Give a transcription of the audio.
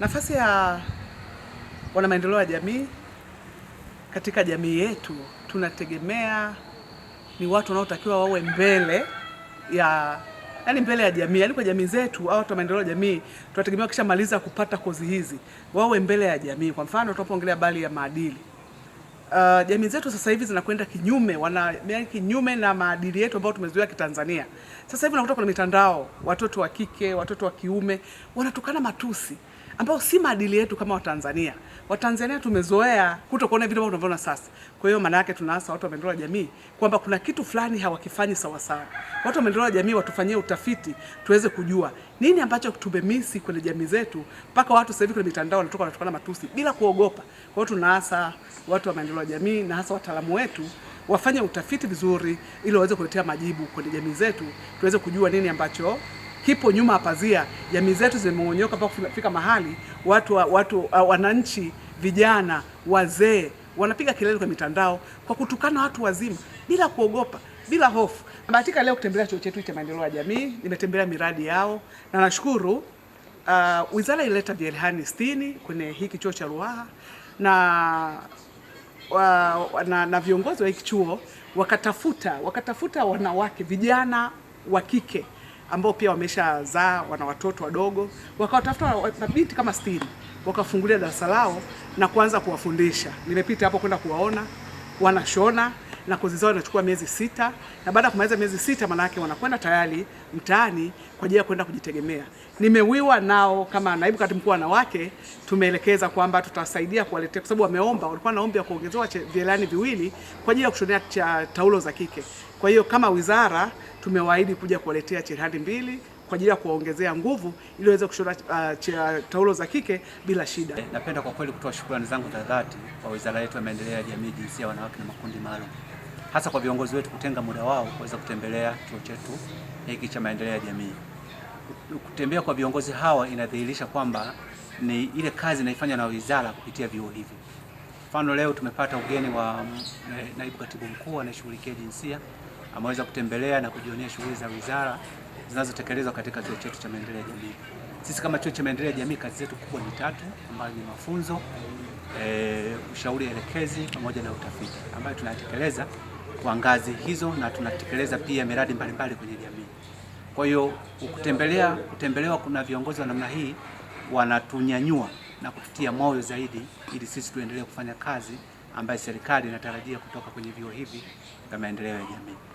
Nafasi ya wana maendeleo ya jamii katika jamii yetu tunategemea ni watu wanaotakiwa wawe mbele ya yani mbele ya jamii, yaani kwa jamii zetu au watu wa maendeleo ya jamii tunategemea wakishamaliza kupata kozi hizi wawe mbele ya jamii. Kwa mfano tunapoongelea bali ya maadili uh, jamii zetu sasa hivi zinakwenda kinyume wana yaani kinyume na maadili yetu ambayo tumezoea Kitanzania. Sasa hivi unakuta kuna mitandao, watoto wa kike, watoto wa kiume wanatukana matusi ambao si maadili yetu kama Watanzania. Watanzania tumezoea kutokuona vitu ambavyo tunaviona sasa. Kwa hiyo maana yake tunaasa watu wa maendeleo ya jamii kwamba kuna kitu fulani hawakifanyi sawa sawa. Watu wa maendeleo ya jamii watufanyie utafiti tuweze kujua nini ambacho tumemisi kwenye jamii zetu mpaka watu sasa hivi kwenye mitandao wanatoka wanatukana matusi bila kuogopa. Kwa hiyo tunaasa watu wa maendeleo ya jamii na hasa wataalamu wetu wafanye utafiti vizuri ili waweze kuletea majibu kwenye jamii zetu tuweze kujua nini ambacho kipo nyuma ya pazia. Jamii zetu zimeonyoka mpaka kufika mahali watu, watu uh, wananchi, vijana, wazee wanapiga kelele kwa mitandao kwa kutukana watu wazima bila kuogopa, bila hofu. Nabahatika leo kutembelea chuo chetu cha maendeleo ya jamii, nimetembelea miradi yao na nashukuru uh, wizara ilileta vielehani 60 kwenye hiki chuo cha Ruaha na wa, uh, na, na viongozi wa hiki chuo wakatafuta wakatafuta wanawake vijana wa kike ambao pia wameshazaa wana watoto wadogo, wakawatafuta mabinti kama sitini wakafungulia darasa lao na kuanza kuwafundisha. Nimepita hapo kwenda kuwaona wanashona na kozi zao inachukua miezi sita, na baada ya kumaliza miezi sita, maana yake wanakwenda tayari mtaani kwa ajili ya kwenda kujitegemea. Nimewiwa nao kama naibu katibu mkuu wanawake, tumeelekeza kwamba tutasaidia kuwaletea, kwa sababu wameomba, walikuwa naomba ya kuongezewa vyelani viwili kwa ajili ya kushonea cha taulo za kike. Kwa hiyo kama wizara tumewaahidi kuja kuwaletea cherehani mbili kwa ajili ya kuwaongezea nguvu ili waweze kushona uh, taulo za kike bila shida. Eh, napenda kwa kweli kutoa shukrani zangu za dhati kwa Wizara yetu ya Maendeleo ya Jamii, Jinsia, Wanawake na Makundi Maalum, hasa kwa viongozi wetu kutenga muda wao kuweza kutembelea chuo chetu hiki cha maendeleo ya jamii. Kutembea kwa viongozi hawa inadhihirisha kwamba ni ile kazi inaifanywa na wizara kupitia vyuo hivi. Mfano, leo tumepata ugeni wa eh, naibu katibu mkuu anayeshughulikia jinsia ameweza kutembelea na kujionea shughuli za wizara zinazotekelezwa katika chuo chetu cha maendeleo ya jamii. Sisi kama chuo cha maendeleo ya jamii kazi zetu kubwa ni tatu, ambayo ni mafunzo e, ushauri elekezi pamoja na utafiti, ambayo tunatekeleza kwa ngazi hizo na tunatekeleza pia miradi mbalimbali kwenye jamii. Kwa hiyo kutembelea kutembelewa kuna viongozi wa namna hii wanatunyanyua na kututia moyo zaidi, ili sisi tuendelee kufanya kazi ambayo serikali inatarajia kutoka kwenye vyuo hivi vya maendeleo ya jamii.